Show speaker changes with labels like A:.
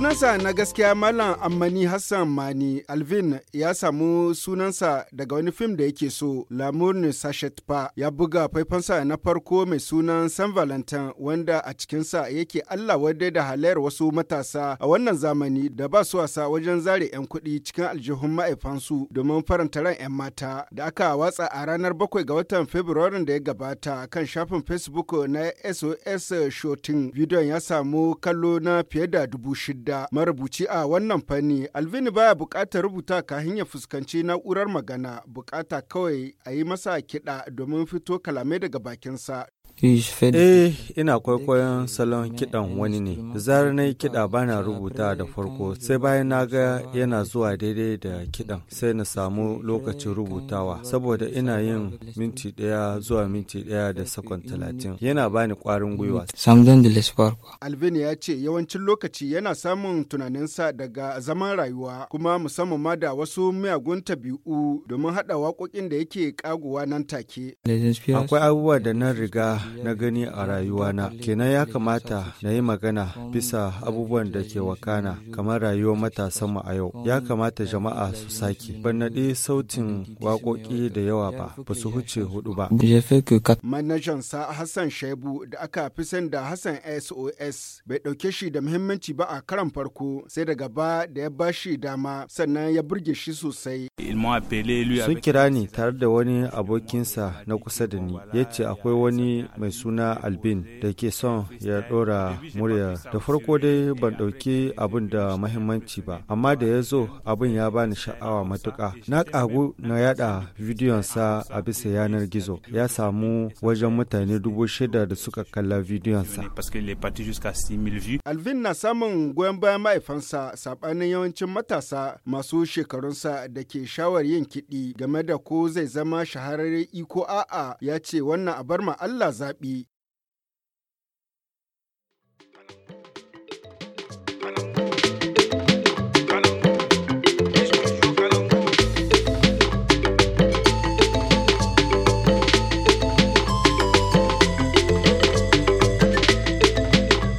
A: Sunansa na gaskiya Malam Ammani Hassan Mani Alvin ya samu sunansa daga wani fim da yake so, L'amour ne sachet pa ya buga faifansa na farko mai sunan San Valentin wanda a cikinsa yake Allah wadda da halayar wasu matasa a wannan zamani da ba su wasa wajen zare 'yan kuɗi cikin aljihun ma'aifansu domin faranta ran 'yan mata da aka watsa a ranar bakwai ga watan Fabrairun da ya gabata kan shafin Facebook na SOS Shooting. Bidiyon ya samu kallo na fiye da dubu shida. da marubuci a wannan fanni alvini baya buƙatar rubuta ka hanyar fuskanci na'urar magana bukata kawai a yi masa kiɗa domin fito kalamai daga bakinsa
B: Eh, ina kwaikwayon salon kiɗan wani ne. Zarar na yi kiɗa bana rubuta da farko, sai bayan na ga yana zuwa daidai da kiɗan, sai na samu lokacin rubutawa, saboda ina yin minti ɗaya zuwa minti ɗaya da sakon talatin. Yana bani ƙwarin gwiwa.
A: Alvin ya ce yawancin lokaci yana samun tunaninsa daga zaman rayuwa, kuma musamman ma da wasu miyagun tabi'u domin haɗa waƙoƙin da yake ƙaguwa nan take.
B: Akwai abubuwa da nan riga na gani a rayuwana kenan ya kamata na yi magana bisa abubuwan da ke wakana kamar rayuwar matasanmu a yau ya kamata jama'a su sake ban naɗi sautin waƙoƙi da yawa ba ba su huce hudu ba
A: manajan sa hassan shaibu da aka fi san da hassan sos bai ɗauke shi da muhimmanci ba a karan farko sai daga ba da ya ba shi dama sannan ya burge shi sosai sun kira
B: ni tare da wani abokinsa na kusa da ni ya ce akwai wani mai suna albin da ke son ya ɗora murya da farko dai ban ɗauki abin da mahimmanci ba amma da ya zo abin ya bani sha'awa matuƙa na kagu na yada vidiyonsa a bisa yanar gizo ya samu wajen mutane dubu shida da suka kalla bidiyonsa
A: albin na samun goyon bayan mahaifansa saɓanin yawancin matasa masu shekarunsa da ke shawar yin kiɗi game da ko zai zama shahararren iko a'a ya ce wannan abar ma Allah za Bị